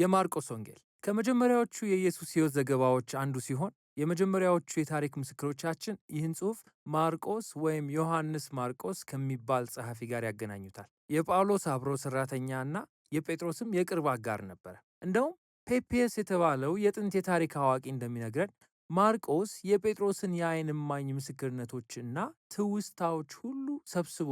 የማርቆስ ወንጌል ከመጀመሪያዎቹ የኢየሱስ ሕይወት ዘገባዎች አንዱ ሲሆን የመጀመሪያዎቹ የታሪክ ምስክሮቻችን ይህን ጽሑፍ ማርቆስ ወይም ዮሐንስ ማርቆስ ከሚባል ጸሐፊ ጋር ያገናኙታል። የጳውሎስ አብሮ ሠራተኛና የጴጥሮስም የቅርብ አጋር ነበረ። እንደውም ፔፔስ የተባለው የጥንት የታሪክ አዋቂ እንደሚነግረን ማርቆስ የጴጥሮስን የዓይን እማኝ ምስክርነቶችና ትውስታዎች ሁሉ ሰብስቦ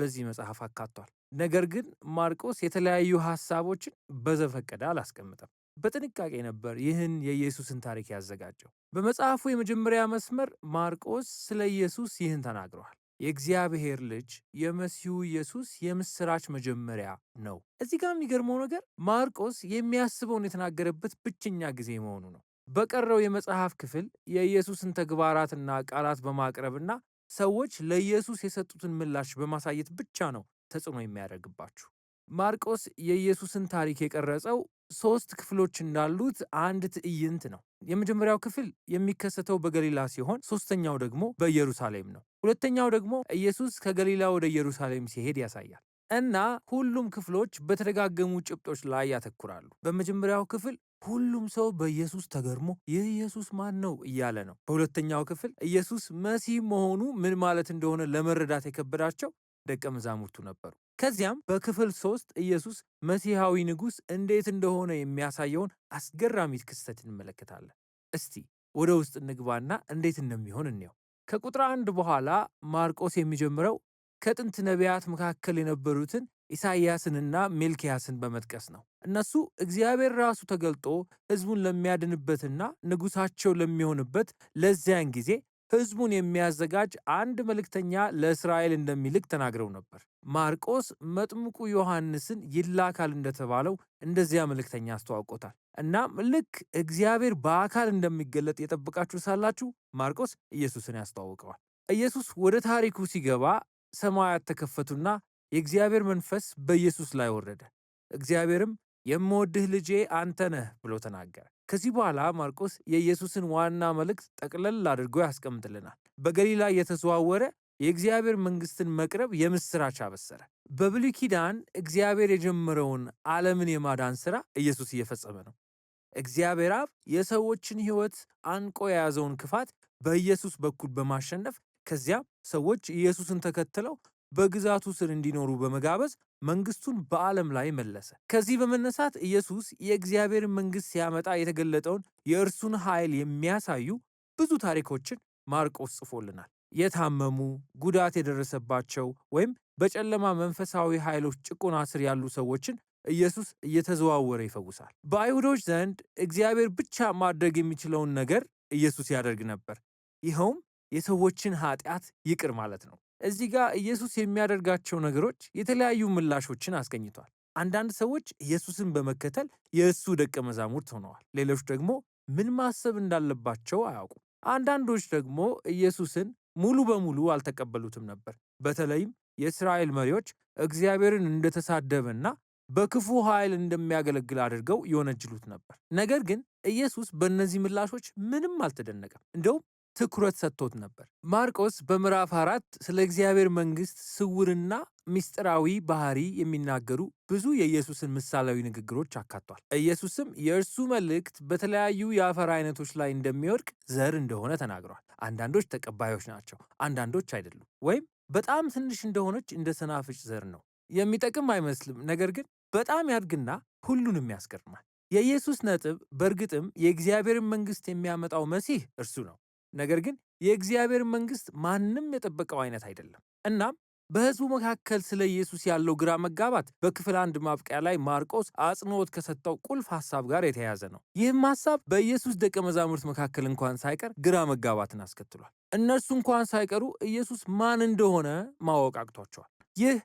በዚህ መጽሐፍ አካቷል። ነገር ግን ማርቆስ የተለያዩ ሐሳቦችን በዘፈቀደ አላስቀምጠም። በጥንቃቄ ነበር ይህን የኢየሱስን ታሪክ ያዘጋጀው። በመጽሐፉ የመጀመሪያ መስመር ማርቆስ ስለ ኢየሱስ ይህን ተናግረዋል። የእግዚአብሔር ልጅ የመሲሁ ኢየሱስ የምሥራች መጀመሪያ ነው። እዚህ ጋር የሚገርመው ነገር ማርቆስ የሚያስበውን የተናገረበት ብቸኛ ጊዜ መሆኑ ነው። በቀረው የመጽሐፍ ክፍል የኢየሱስን ተግባራትና ቃላት በማቅረብና ሰዎች ለኢየሱስ የሰጡትን ምላሽ በማሳየት ብቻ ነው ተጽዕኖ የሚያደርግባችሁ። ማርቆስ የኢየሱስን ታሪክ የቀረጸው ሶስት ክፍሎች እንዳሉት አንድ ትዕይንት ነው። የመጀመሪያው ክፍል የሚከሰተው በገሊላ ሲሆን ሶስተኛው ደግሞ በኢየሩሳሌም ነው። ሁለተኛው ደግሞ ኢየሱስ ከገሊላ ወደ ኢየሩሳሌም ሲሄድ ያሳያል እና ሁሉም ክፍሎች በተደጋገሙ ጭብጦች ላይ ያተኩራሉ። በመጀመሪያው ክፍል ሁሉም ሰው በኢየሱስ ተገርሞ ይህ ኢየሱስ ማን ነው እያለ ነው። በሁለተኛው ክፍል ኢየሱስ መሲህ መሆኑ ምን ማለት እንደሆነ ለመረዳት የከበዳቸው ደቀ መዛሙርቱ ነበሩ። ከዚያም በክፍል ሶስት ኢየሱስ መሲሐዊ ንጉሥ እንዴት እንደሆነ የሚያሳየውን አስገራሚ ክስተት እንመለከታለን። እስቲ ወደ ውስጥ እንግባና እንዴት እንደሚሆን እንየው። ከቁጥር አንድ በኋላ ማርቆስ የሚጀምረው ከጥንት ነቢያት መካከል የነበሩትን ኢሳይያስንና ሜልኪያስን በመጥቀስ ነው። እነሱ እግዚአብሔር ራሱ ተገልጦ ሕዝቡን ለሚያድንበትና ንጉሳቸው ለሚሆንበት ለዚያን ጊዜ ህዝቡን የሚያዘጋጅ አንድ መልእክተኛ ለእስራኤል እንደሚልክ ተናግረው ነበር። ማርቆስ መጥምቁ ዮሐንስን ይላካል እንደተባለው እንደዚያ መልእክተኛ አስተዋውቆታል። እናም ልክ እግዚአብሔር በአካል እንደሚገለጥ የጠበቃችሁ ሳላችሁ ማርቆስ ኢየሱስን ያስተዋውቀዋል። ኢየሱስ ወደ ታሪኩ ሲገባ ሰማያት ተከፈቱና የእግዚአብሔር መንፈስ በኢየሱስ ላይ ወረደ። እግዚአብሔርም የምወድህ ልጄ አንተ ነህ ብሎ ተናገረ። ከዚህ በኋላ ማርቆስ የኢየሱስን ዋና መልእክት ጠቅለል አድርጎ ያስቀምጥልናል። በገሊላ እየተዘዋወረ የእግዚአብሔር መንግስትን መቅረብ የምስራች አበሰረ። በብሉይ ኪዳን እግዚአብሔር የጀመረውን ዓለምን የማዳን ሥራ ኢየሱስ እየፈጸመ ነው። እግዚአብሔር አብ የሰዎችን ሕይወት አንቆ የያዘውን ክፋት በኢየሱስ በኩል በማሸነፍ ከዚያም ሰዎች ኢየሱስን ተከትለው በግዛቱ ስር እንዲኖሩ በመጋበዝ መንግስቱን በዓለም ላይ መለሰ። ከዚህ በመነሳት ኢየሱስ የእግዚአብሔር መንግስት ሲያመጣ የተገለጠውን የእርሱን ኃይል የሚያሳዩ ብዙ ታሪኮችን ማርቆስ ጽፎልናል። የታመሙ ጉዳት የደረሰባቸው ወይም በጨለማ መንፈሳዊ ኃይሎች ጭቆና ስር ያሉ ሰዎችን ኢየሱስ እየተዘዋወረ ይፈውሳል። በአይሁዶች ዘንድ እግዚአብሔር ብቻ ማድረግ የሚችለውን ነገር ኢየሱስ ያደርግ ነበር። ይኸውም የሰዎችን ኃጢአት ይቅር ማለት ነው። እዚህ ጋር ኢየሱስ የሚያደርጋቸው ነገሮች የተለያዩ ምላሾችን አስገኝቷል። አንዳንድ ሰዎች ኢየሱስን በመከተል የእሱ ደቀ መዛሙርት ሆነዋል። ሌሎች ደግሞ ምን ማሰብ እንዳለባቸው አያውቁም። አንዳንዶች ደግሞ ኢየሱስን ሙሉ በሙሉ አልተቀበሉትም ነበር። በተለይም የእስራኤል መሪዎች እግዚአብሔርን እንደተሳደበና በክፉ ኃይል እንደሚያገለግል አድርገው ይወነጅሉት ነበር። ነገር ግን ኢየሱስ በእነዚህ ምላሾች ምንም አልተደነቀም። እንደውም ትኩረት ሰጥቶት ነበር። ማርቆስ በምዕራፍ አራት ስለ እግዚአብሔር መንግስት ስውርና ምስጢራዊ ባህሪ የሚናገሩ ብዙ የኢየሱስን ምሳሌያዊ ንግግሮች አካቷል። ኢየሱስም የእርሱ መልእክት በተለያዩ የአፈር አይነቶች ላይ እንደሚወድቅ ዘር እንደሆነ ተናግሯል። አንዳንዶች ተቀባዮች ናቸው፣ አንዳንዶች አይደሉም። ወይም በጣም ትንሽ እንደሆነች እንደ ሰናፍጭ ዘር ነው፣ የሚጠቅም አይመስልም። ነገር ግን በጣም ያድግና ሁሉንም ያስገርማል። የኢየሱስ ነጥብ በእርግጥም የእግዚአብሔርን መንግስት የሚያመጣው መሲህ እርሱ ነው። ነገር ግን የእግዚአብሔር መንግስት ማንም የጠበቀው አይነት አይደለም። እናም በሕዝቡ መካከል ስለ ኢየሱስ ያለው ግራ መጋባት በክፍል አንድ ማብቂያ ላይ ማርቆስ አጽንዖት ከሰጠው ቁልፍ ሐሳብ ጋር የተያያዘ ነው። ይህም ሐሳብ በኢየሱስ ደቀ መዛሙርት መካከል እንኳን ሳይቀር ግራ መጋባትን አስከትሏል። እነርሱ እንኳን ሳይቀሩ ኢየሱስ ማን እንደሆነ ማወቅ አቅቷቸዋል። ይህ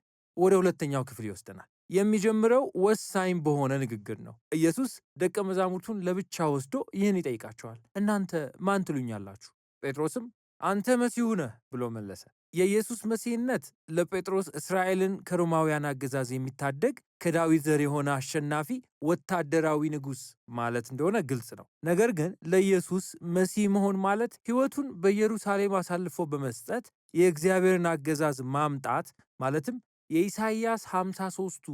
ወደ ሁለተኛው ክፍል ይወስደናል። የሚጀምረው ወሳኝ በሆነ ንግግር ነው። ኢየሱስ ደቀ መዛሙርቱን ለብቻ ወስዶ ይህን ይጠይቃቸዋል። እናንተ ማን ትሉኛላችሁ? ጴጥሮስም አንተ መሲሁ ነህ ብሎ መለሰ። የኢየሱስ መሲህነት ለጴጥሮስ እስራኤልን ከሮማውያን አገዛዝ የሚታደግ ከዳዊት ዘር የሆነ አሸናፊ ወታደራዊ ንጉሥ ማለት እንደሆነ ግልጽ ነው። ነገር ግን ለኢየሱስ መሲህ መሆን ማለት ሕይወቱን በኢየሩሳሌም አሳልፎ በመስጠት የእግዚአብሔርን አገዛዝ ማምጣት ማለትም የኢሳይያስ 3ስቱ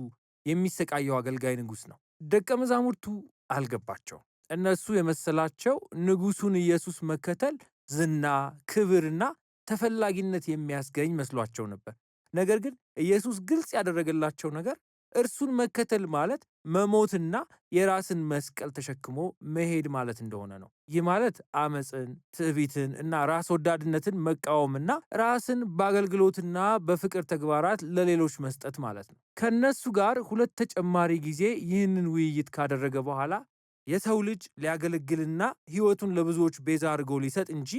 የሚሰቃየው አገልጋይ ንጉሥ ነው። ደቀ መዛሙርቱ አልገባቸው። እነሱ የመሰላቸው ንጉሡን ኢየሱስ መከተል ዝና፣ ክብርና ተፈላጊነት የሚያስገኝ መስሏቸው ነበር። ነገር ግን ኢየሱስ ግልጽ ያደረገላቸው ነገር እርሱን መከተል ማለት መሞትና የራስን መስቀል ተሸክሞ መሄድ ማለት እንደሆነ ነው። ይህ ማለት አመፅን፣ ትዕቢትን እና ራስ ወዳድነትን መቃወምና ራስን በአገልግሎትና በፍቅር ተግባራት ለሌሎች መስጠት ማለት ነው። ከነሱ ጋር ሁለት ተጨማሪ ጊዜ ይህንን ውይይት ካደረገ በኋላ የሰው ልጅ ሊያገለግልና ሕይወቱን ለብዙዎች ቤዛ አድርጎ ሊሰጥ እንጂ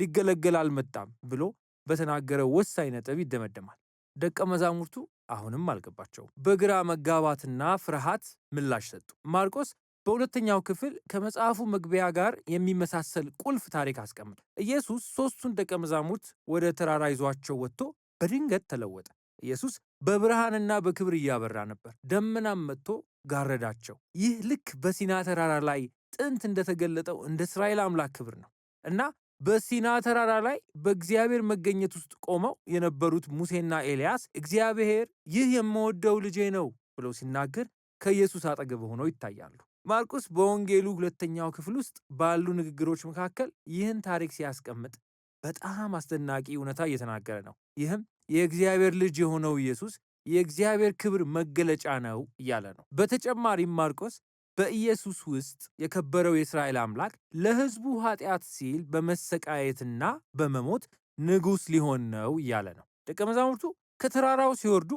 ሊገለገል አልመጣም ብሎ በተናገረው ወሳኝ ነጥብ ይደመደማል። ደቀ መዛሙርቱ አሁንም አልገባቸውም። በግራ መጋባትና ፍርሃት ምላሽ ሰጡ። ማርቆስ በሁለተኛው ክፍል ከመጽሐፉ መግቢያ ጋር የሚመሳሰል ቁልፍ ታሪክ አስቀምጧል። ኢየሱስ ሦስቱን ደቀ መዛሙርት ወደ ተራራ ይዟቸው ወጥቶ በድንገት ተለወጠ። ኢየሱስ በብርሃንና በክብር እያበራ ነበር። ደመናም መጥቶ ጋረዳቸው። ይህ ልክ በሲና ተራራ ላይ ጥንት እንደተገለጠው እንደ እስራኤል አምላክ ክብር ነው እና በሲና ተራራ ላይ በእግዚአብሔር መገኘት ውስጥ ቆመው የነበሩት ሙሴና ኤልያስ እግዚአብሔር ይህ የምወደው ልጄ ነው ብለው ሲናገር ከኢየሱስ አጠገብ ሆነው ይታያሉ። ማርቆስ በወንጌሉ ሁለተኛው ክፍል ውስጥ ባሉ ንግግሮች መካከል ይህን ታሪክ ሲያስቀምጥ በጣም አስደናቂ እውነታ እየተናገረ ነው። ይህም የእግዚአብሔር ልጅ የሆነው ኢየሱስ የእግዚአብሔር ክብር መገለጫ ነው እያለ ነው። በተጨማሪም ማርቆስ በኢየሱስ ውስጥ የከበረው የእስራኤል አምላክ ለሕዝቡ ኃጢአት ሲል በመሰቃየትና በመሞት ንጉሥ ሊሆን ነው እያለ ነው። ደቀ መዛሙርቱ ከተራራው ሲወርዱ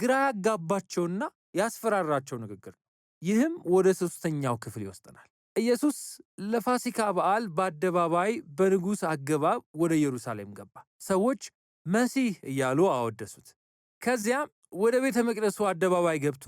ግራ ያጋባቸውና ያስፈራራቸው ንግግር ነው። ይህም ወደ ሦስተኛው ክፍል ይወስደናል። ኢየሱስ ለፋሲካ በዓል በአደባባይ በንጉሥ አገባብ ወደ ኢየሩሳሌም ገባ። ሰዎች መሲህ እያሉ አወደሱት። ከዚያም ወደ ቤተ መቅደሱ አደባባይ ገብቶ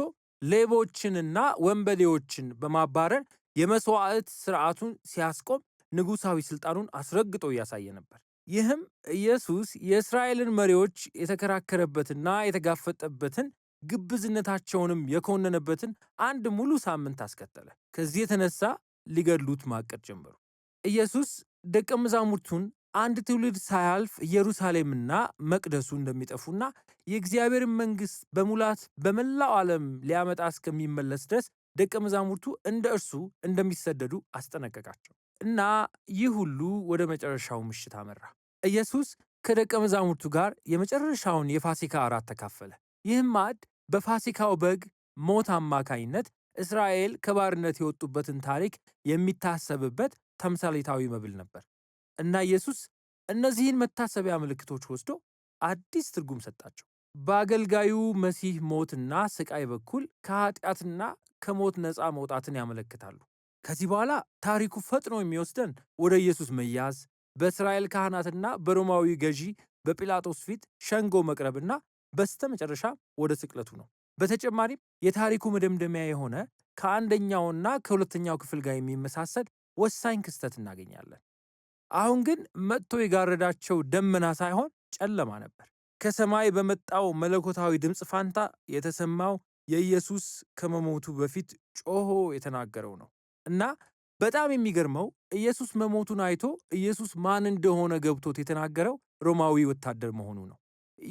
ሌቦችንና ወንበዴዎችን በማባረር የመስዋዕት ስርዓቱን ሲያስቆም ንጉሳዊ ስልጣኑን አስረግጦ እያሳየ ነበር። ይህም ኢየሱስ የእስራኤልን መሪዎች የተከራከረበትና የተጋፈጠበትን ግብዝነታቸውንም የኮነነበትን አንድ ሙሉ ሳምንት አስከተለ። ከዚህ የተነሳ ሊገድሉት ማቀድ ጀመሩ። ኢየሱስ ደቀ መዛሙርቱን አንድ ትውልድ ሳያልፍ ኢየሩሳሌምና መቅደሱ እንደሚጠፉና የእግዚአብሔርን መንግሥት በሙላት በመላው ዓለም ሊያመጣ እስከሚመለስ ድረስ ደቀ መዛሙርቱ እንደ እርሱ እንደሚሰደዱ አስጠነቀቃቸው እና ይህ ሁሉ ወደ መጨረሻው ምሽት አመራ። ኢየሱስ ከደቀ መዛሙርቱ ጋር የመጨረሻውን የፋሲካ እራት ተካፈለ። ይህም ማዕድ በፋሲካው በግ ሞት አማካይነት እስራኤል ከባርነት የወጡበትን ታሪክ የሚታሰብበት ተምሳሌታዊ መብል ነበር። እና ኢየሱስ እነዚህን መታሰቢያ ምልክቶች ወስዶ አዲስ ትርጉም ሰጣቸው። በአገልጋዩ መሲህ ሞትና ስቃይ በኩል ከኃጢአትና ከሞት ነፃ መውጣትን ያመለክታሉ። ከዚህ በኋላ ታሪኩ ፈጥኖ የሚወስደን ወደ ኢየሱስ መያዝ፣ በእስራኤል ካህናትና በሮማዊ ገዢ በጲላጦስ ፊት ሸንጎ መቅረብና በስተመጨረሻ ወደ ስቅለቱ ነው። በተጨማሪም የታሪኩ መደምደሚያ የሆነ ከአንደኛውና ከሁለተኛው ክፍል ጋር የሚመሳሰል ወሳኝ ክስተት እናገኛለን። አሁን ግን መጥቶ የጋረዳቸው ደመና ሳይሆን ጨለማ ነበር። ከሰማይ በመጣው መለኮታዊ ድምፅ ፋንታ የተሰማው የኢየሱስ ከመሞቱ በፊት ጮሆ የተናገረው ነው እና በጣም የሚገርመው ኢየሱስ መሞቱን አይቶ ኢየሱስ ማን እንደሆነ ገብቶት የተናገረው ሮማዊ ወታደር መሆኑ ነው።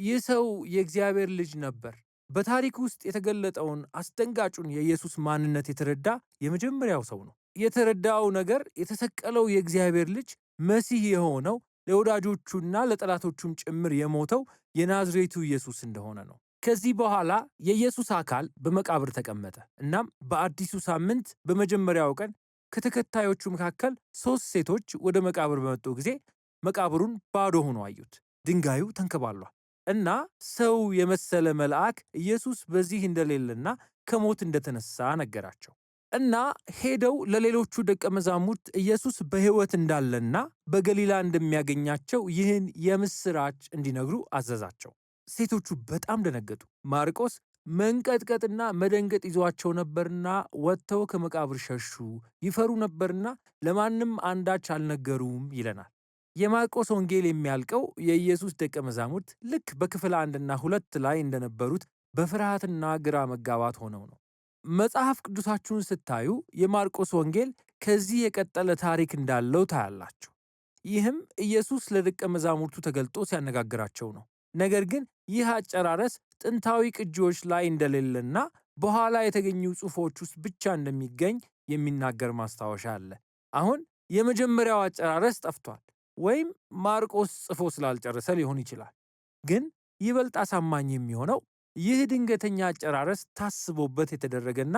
ይህ ሰው የእግዚአብሔር ልጅ ነበር። በታሪክ ውስጥ የተገለጠውን አስደንጋጩን የኢየሱስ ማንነት የተረዳ የመጀመሪያው ሰው ነው። የተረዳው ነገር የተሰቀለው የእግዚአብሔር ልጅ መሲህ የሆነው ለወዳጆቹና ለጠላቶቹም ጭምር የሞተው የናዝሬቱ ኢየሱስ እንደሆነ ነው። ከዚህ በኋላ የኢየሱስ አካል በመቃብር ተቀመጠ። እናም በአዲሱ ሳምንት በመጀመሪያው ቀን ከተከታዮቹ መካከል ሦስት ሴቶች ወደ መቃብር በመጡ ጊዜ መቃብሩን ባዶ ሆኖ አዩት። ድንጋዩ ተንከባሏል እና ሰው የመሰለ መልአክ ኢየሱስ በዚህ እንደሌለና ከሞት እንደተነሳ ነገራቸው። እና ሄደው ለሌሎቹ ደቀ መዛሙርት ኢየሱስ በሕይወት እንዳለና በገሊላ እንደሚያገኛቸው ይህን የምስራች እንዲነግሩ አዘዛቸው። ሴቶቹ በጣም ደነገጡ። ማርቆስ መንቀጥቀጥና መደንገጥ ይዟቸው ነበርና ወጥተው ከመቃብር ሸሹ፣ ይፈሩ ነበርና ለማንም አንዳች አልነገሩም ይለናል። የማርቆስ ወንጌል የሚያልቀው የኢየሱስ ደቀ መዛሙርት ልክ በክፍል አንድና ሁለት ላይ እንደነበሩት በፍርሃትና ግራ መጋባት ሆነው ነው። መጽሐፍ ቅዱሳችሁን ስታዩ የማርቆስ ወንጌል ከዚህ የቀጠለ ታሪክ እንዳለው ታያላችሁ። ይህም ኢየሱስ ለደቀ መዛሙርቱ ተገልጦ ሲያነጋግራቸው ነው። ነገር ግን ይህ አጨራረስ ጥንታዊ ቅጂዎች ላይ እንደሌለና በኋላ የተገኙ ጽሑፎች ውስጥ ብቻ እንደሚገኝ የሚናገር ማስታወሻ አለ። አሁን የመጀመሪያው አጨራረስ ጠፍቷል፣ ወይም ማርቆስ ጽፎ ስላልጨረሰ ሊሆን ይችላል። ግን ይበልጥ አሳማኝ የሚሆነው ይህ ድንገተኛ አጨራረስ ታስቦበት የተደረገና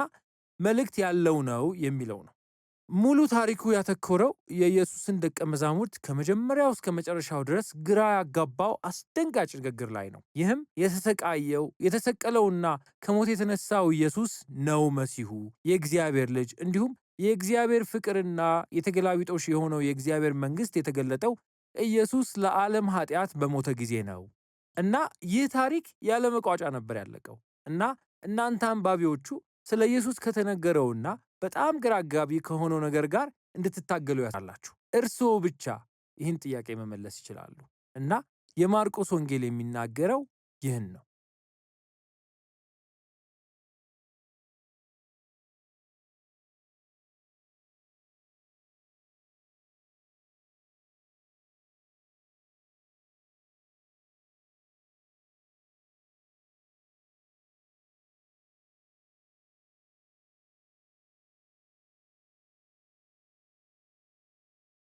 መልእክት ያለው ነው የሚለው ነው። ሙሉ ታሪኩ ያተኮረው የኢየሱስን ደቀ መዛሙርት ከመጀመሪያው እስከ መጨረሻው ድረስ ግራ ያጋባው አስደንጋጭ ንግግር ላይ ነው። ይህም የተሰቃየው የተሰቀለውና ከሞት የተነሳው ኢየሱስ ነው መሲሁ፣ የእግዚአብሔር ልጅ እንዲሁም የእግዚአብሔር ፍቅርና የተገላቢጦሽ የሆነው የእግዚአብሔር መንግሥት የተገለጠው ኢየሱስ ለዓለም ኃጢአት በሞተ ጊዜ ነው እና ይህ ታሪክ ያለ መቋጫ ነበር ያለቀው እና እናንተ አንባቢዎቹ ስለ ኢየሱስ ከተነገረውና በጣም ግራ አጋቢ ከሆነው ነገር ጋር እንድትታገሉ ያሳላችሁ። እርስዎ ብቻ ይህን ጥያቄ መመለስ ይችላሉ እና የማርቆስ ወንጌል የሚናገረው ይህን ነው።